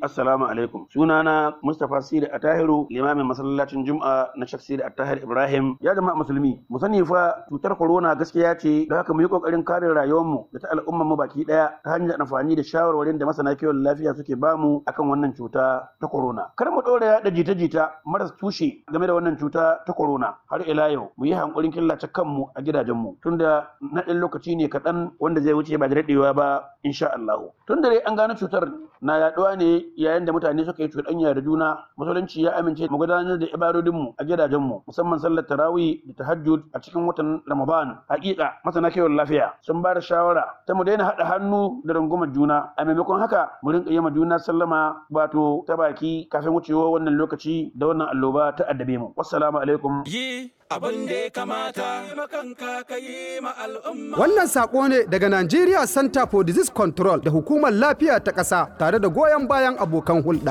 Assalamu alaikum. na Mustapha Sidi Tahiru, limamin masallacin Juma'a na Sheikh Sidi Attahir Ibrahim. Ya jama'a musulmi, mu sani fa cutar corona gaskiya ce, da haka mu yi kokarin kare mu da ta al'ummar mu baki ɗaya, ta hanyar amfani da shawarwarin da masana kiwon lafiya suke bamu akan wannan cuta ta corona. Kar mu dora yaɗa jita-jita maras tushe game da wannan cuta ta corona. Har ila yau, mu yi hankulin killace kanmu a gidajenmu tunda na ɗan lokaci ne kaɗan wanda zai wuce ba da daɗewa ba insha Allah. Tun da an gano cutar na yaɗuwa ne yayin da mutane suka yi cuɗanya da juna musulunci ya amince mu gudanar da ibadodinmu a gidajenmu musamman sallar tarawi da tahajjud a cikin watan ramadan haƙiƙa masana kiwon lafiya sun ba da shawara ta mu daina haɗa hannu da rungumar juna a maimakon haka mu rinƙa yi ma juna sallama wato ta baki kafin wucewa wannan lokaci da wannan alloba ta addabe mu wassalamu alaikum ma al'umma. Wannan saƙo ne daga Nigeria Center for Disease Control da Hukumar Lafiya ta ƙasa tare da goyon bayan abokan hulɗa.